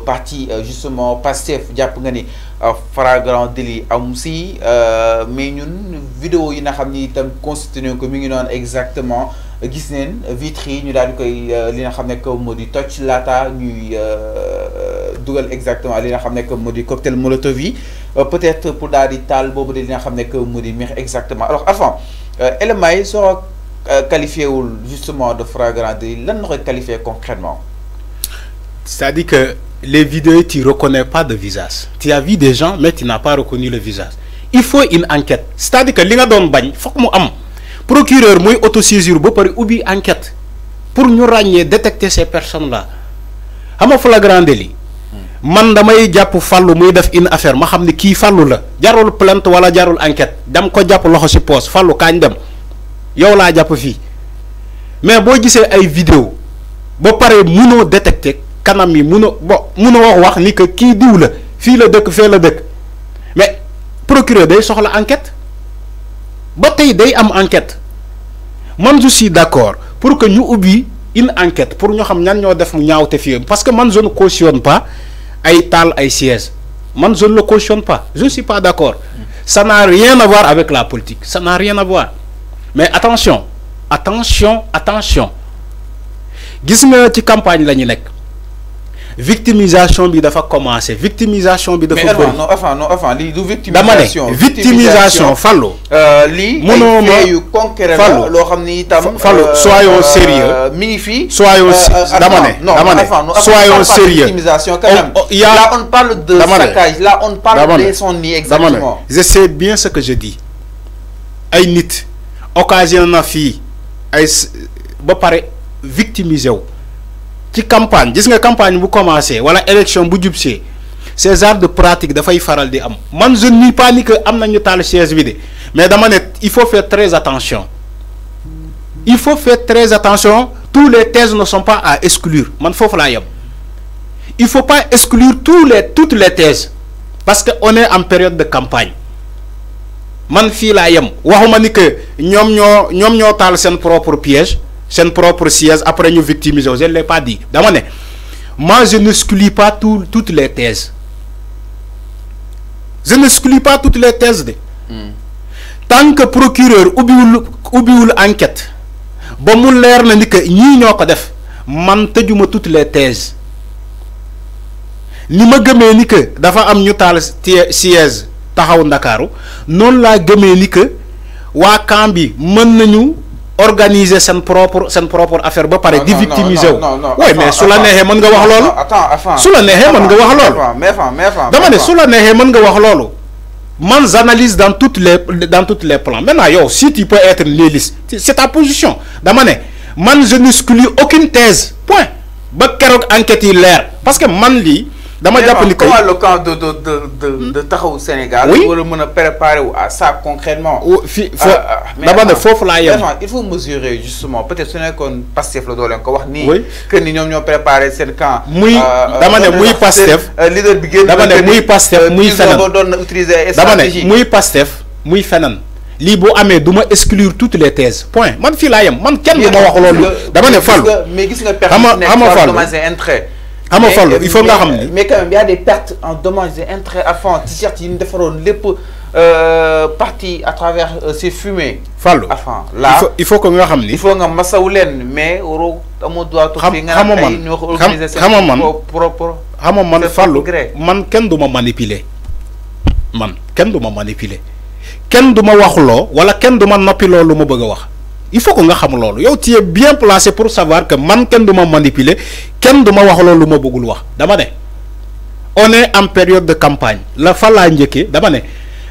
partie parti euh, justement passif japonais nga ni euh, am euh, mais une vidéo yi n'a xamni tam ko mi exactement gis ñu koy li nga touch exactement li nga cocktail molotov peut-être pour li nga exactement alors avant elle m'a qualifié justement de flagrant qualifié concrètement c'est-à-dire que les vidéos, tu ne reconnais pas de visage. Tu as vu des gens, mais tu n'as pas reconnu le visage. Il faut une enquête. C'est-à-dire que les gens il faut que am procureur moy autosaisir ba paré une enquête pour nous ragner détecter ces personnes là. la flagrant délit. man damay japp fallu muy def une affaire ma xamni ki fallu la jarul plainte wala jarul enquête dam ko japp loxo ci poste fallu kañ dem yow la japp fi mais bo gisee ay vidéo ba pare munoo détecter kanam yi bo wax wax ni que ki diw la la dëkk la mais procureur day soxla enquête ba tey day am enquête man je suis d'accord pour que nous oublions une enquête pour ñu xam ñan ñoo def mu parce que man je ne cautionne pas ay taal ay siège man je ne le cautionne pas je ne suis pas d'accord ça n'a rien à voir avec la politique ça n'a rien à voir mais attention attention attention gis nga ci campagne la ñu victimisation bi dafa commencer. victimisation bi. dafa faut non enfin non enfin du victimisation. victimisation Il euh, ma yu lo xamni tam sérieux sérieux. mi fi. soyons euh, euh, dama dama faut sérieux. là on parle de saccage là on parle de son nid exactement. je sais bien ce que je dis ay nit occasion na fille ay ba victimiser ci campagne gis nga campagne vous commencez voilà élection bu jubsee ces arts de pratique fay faral di am man je nie pas ni que am nañu tal chaise vide mais dama il faut faire très attention il faut faire très attention tous les thèses ne sont pas à exclure man ne la il faut pas exclure tous les toutes les thèses parce que on est en période de campagne man ne sais pas waxuma ni que ñom ñoo ñom ñoo tal propre piège une propre siège après ñu victimiser je ne l'ai pas dit dama moi je ne n'exclus pas tout toutes les thèses je ne n'exclus pas toutes les thèses de hmm. tant que procureur oublie l'enquête enquête ba mu leer na ni que ñii ñoo def man toutes les thèses ni ma gëmee ni que dafa am ñu taal siège taxaw ndakaaru non la gëmee ni que wakambi camp nous organiser seen propre seen propre affaire ba pare. di victimiser wu. oui mais su la neexee man nga wax loolu. su la neexee man nga wax loolu. dama né sous la neexee man nga wax lolu man j'analyse dans toutes les dans toutes les plans maintenant yo si tu peux être légiste c'est ta position dama né man je n'exclus aucune thèse point ba keroog enquête yi parce que man li dama japp ni que comment le camp de de de de hmm? de taxaw Sénégal. oui war a préparer wu à ça concrètement. fii foo dama ne foofu laa yem. il faut mesurer justement peut-être su nekkoon Pastef la do len ko wax. ni que ni ñom ñoo préparer sen camp. muy euh, dama ne euh, muy Pastef. Euh, leader bi génn dama ne muy Pastef muy feneen doon utiliser stratégie muy Pastef muy feneen. li boo amé duma exclure toutes les thèses point man fi la yem man kenn du wax loolu. dama ne fall mais gis nga mais gis nga xam nga xam nga Fallou il faut nga xam mais quand même il y a des pertes en dommages et intérêts à fond t-shirt yi ñu defaroon euh, parti à travers euh, ces fumées. Fallou là il faut que nga xam il faut nga masawu leen mais waroo amoo droit. xam xam nga man xam nga man xam nga man Fallou man ken du manipuler man ken du manipuler Ken du ma waxloo wala kenn du ma noppiloo lu bëgg wax il faut que nga xam loolu yow tu es bien placé pour savoir que man ken duma manipuler kenn wax loolu mo wax dama né on est en période de campagne la fa laa njëkkee dama né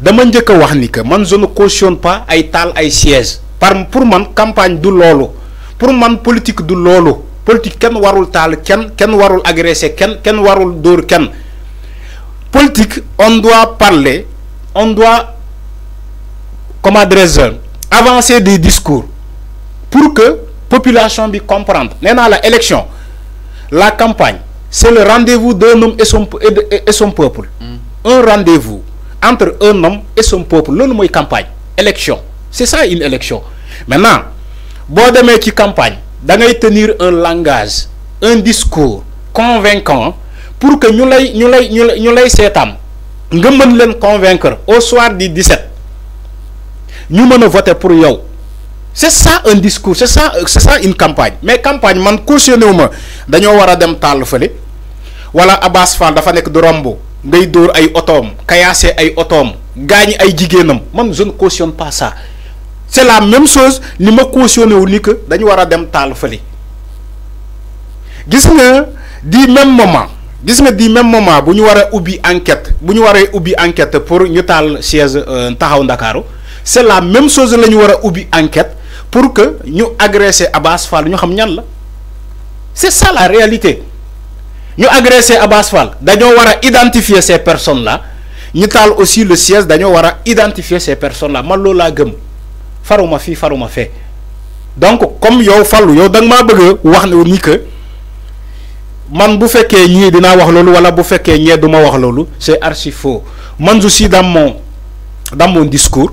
dama njëkk wax ni que man je ne cautionne pas ay tal ay siège par pour man campagne du lolo pour man politique du loolu politique ken warul tal ken ken warul agresser ken ken warul dor ken politique on doit parler on doit comme adresse avancer des discours pour que population comprenne. comprendre l'élection, la élection la campagne c'est le rendez-vous d'un homme et son et son peuple mm. un rendez-vous entre un homme et son peuple loolu une campagne élection c'est ça une élection maintenant qui demee ci campagne da tenir un langage un discours convaincant pour que nous, lay ñu lay nous lay convaincre au soir du 17 Nous mën voter pour yow c'est ça un discours c'est ça c'est ça une campagne mais campagne man cautionné wu wara dem tal feulé wala Abass Fall dafa nek du rombo ngay dor ay otoom kayaase ay autom gañ ay jigéenam man je ne cautionne pas ça c'est la même chose ni ma cautionné ni que dañu wara dem tal feulé gis nga di même moment gis nga di même moment buñu wara ubi enquête buñu wara ubi enquête pour ñu taal siège euh, taxaw dakaro c'est la même chose lañu wara ubi enquête pour que nous agressions Abbas Fall c'est ça la réalité Nous agressions Abbas Fall Nous identifier ces personnes là Nous aussi le siège Nous identifier ces personnes là gëm donc comme yow Fallou yow da bëgg wax ni que man bu féké wax wala bu féké wax c'est archi faux man aussi dans mon dans mon discours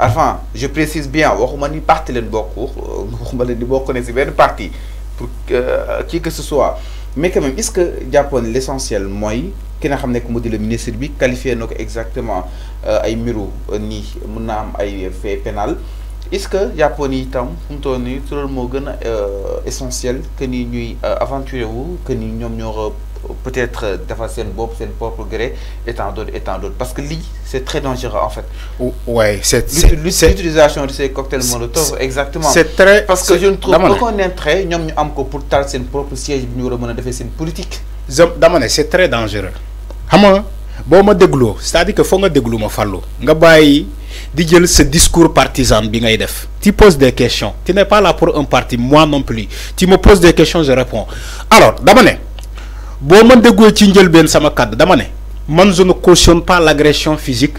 enfin je précise bien waxuma ne parti pas bokk waxuma leen di bokk ne si parti pour euh, qui que ce soit mais quand même est-ce que japon l'essentiel moi ki n'a xam ne le ministre bi qualifié exactement euh, ay ou euh, ni mon âme am fait pénal est-ce que japon yi itam fu essentiel que ni ñuy aventurer wu que ni ñoom peut-être euh, d'avancer seen bopp seen propre gré et tant d'autres et tant d'autres parce que lui c'est très dangereux en fait. ouais c'est l'utilisation de ces cocktails molotov exactement. c'est très parce que je ne trouve aucun intérêt est ñu am ko pour taal seen propre siège nous ñu war a politique. dama c'est très dangereux xam nga boo ma c'est-à-dire que foo nga déglu ma fàllu nga bàyyi di jël ce discours partisan bi tu poses des questions tu n'es pas là pour un parti moi non plus tu me poses des questions je réponds alors dama boo ma déggoo ci njëlbeen sama dama man je ne cautionne pas l'agression physique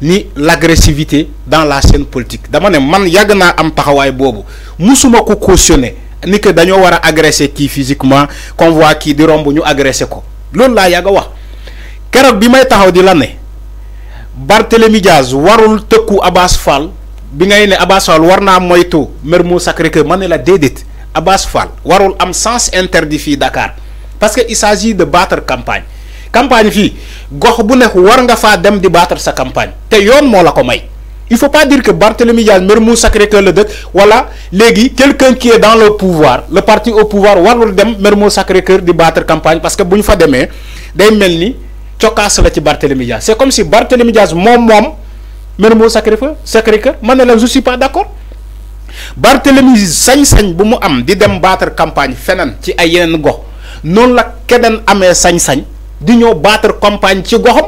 ni l'agressivité dans la scène politique dama ne man yagna am taxawaay boobu musuma ko cautionner ni que dañoo wara agresser qui physiquement qu'on voit qui di romb ñu agresser ko loolu la yàgg wax keroog bi may taxaw Barthélémy warul teku Abass Fall bi ngay ne Abass Fall warna naa moytu Mermoz sacré que mané la dédite Abass Fall warul am sens interdit fi Dakar parce que il s'agit de battre campagne campagne fi gox bu nekk war nga fa dem di battre sa campagne te yoon mo la ko may il faut pas dire que Barthélemy Diaz Mermoz Sacré-Cœur le dëkk wala l'egi quelqu'un qui est dans le pouvoir le parti au pouvoir warul dem Mermoz Sacré-Cœur di battre campagne parce que buñ fa démé day melni ni la ci Barthélemy Diaz c'est comme si Barthélemy Diaz mom moom Mermoz Sacré-Cœur Sacré-Cœur man ne la je suis pas d'accord Barthélemy sañ-sañ bu mu am di dem battre campagne feneen ci ay yenen gox non la kenen amé sañ-sañ di ñoo battre campagne ci goxam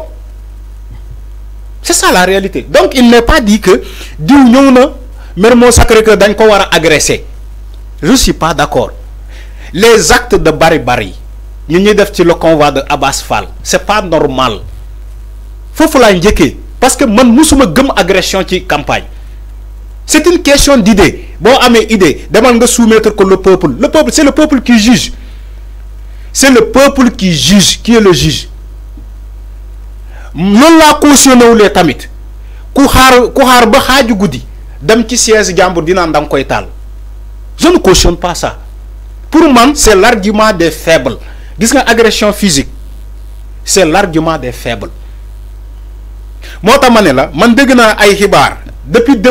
c'est ça la réalité donc il n'est pas dit que diw ñëw na mon Sacré-Cœur dañ ko wara agresser je suis pas d'accord les actes de Bari Bari ñi ñuy def ci le convoi de Abbas Fall c'est pas normal fofu laay parce que nous musuma gëm agression ci campagne c'est une question d'idée bon amé idée demal nga soumettre ko le peuple le peuple c'est le peuple qui juge c'est le peuple qui juge, qui est le juge. la ne les tamit ku xaar ku xaar ba xaaju guddi dem ci siège jàmbur je ne cautionne pas ça pour moi, c'est l'argument des faibles C'est nga agression physique C'est l'argument des faibles Moi, tax ma man depuis ay depuis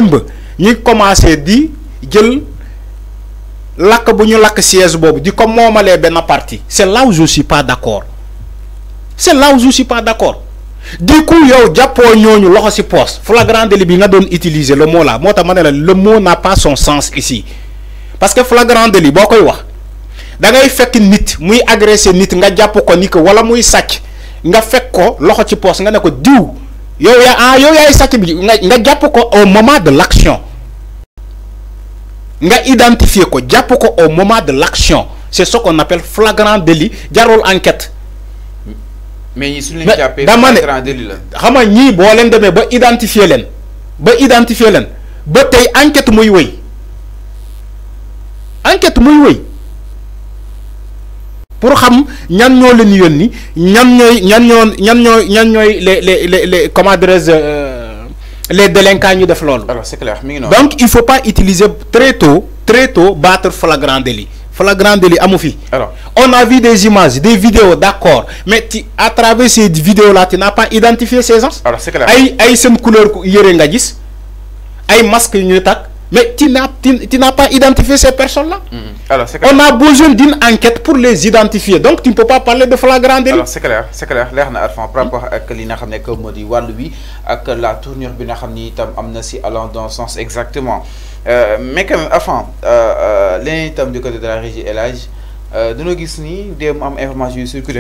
ñi commencé parti c'est là où je suis pas d'accord c'est là où je suis pas d'accord du coup yow y poste flagrant délit bi nga utiliser le mot là Moi, le mot n'a pas son sens ici parce que flagrant délit grande quoi wax da ngay fekk nit muy agresser nit nga ni wala muy sac. nga fekk ko loxo ci poste nga ne ko diw yow yaa ah, bi nga nga ko au moment de l'action nga identifier ko japp ko au moment de l'action c'est ce qu'on appelle flagrant délit jarul enquête. mais ñi suñu leen jàppee flagrant délit la xama nga bo boo leen demee ba identifier leen ba identifier leen ba enquête muy enquête muy wëy pour xam ñan ñoo leen yoni ñan ñoy ñan ñoy ñan ñoy ñan les les les comment les délinquants de def donc il faut pas utiliser très tôt très tôt battre flagrant délit flagrant délit à on a vu des images des vidéos d'accord mais à travers ces vidéos là tu n'as pas identifié ces gens. alors c'est clair ay ay une couleur yëre nga gis ay masque yu mais tu n'as pas identifié ces personnes-là. Mm. On a besoin d'une enquête pour les identifier. Donc, tu ne peux pas parler de flagrant c'est clair. C'est clair. L'air par rapport ce que lui, la tournure allant dans sens exactement. Euh, mais euh, euh, enfin, du côté de la régie Elage, de nous avons des informations sur que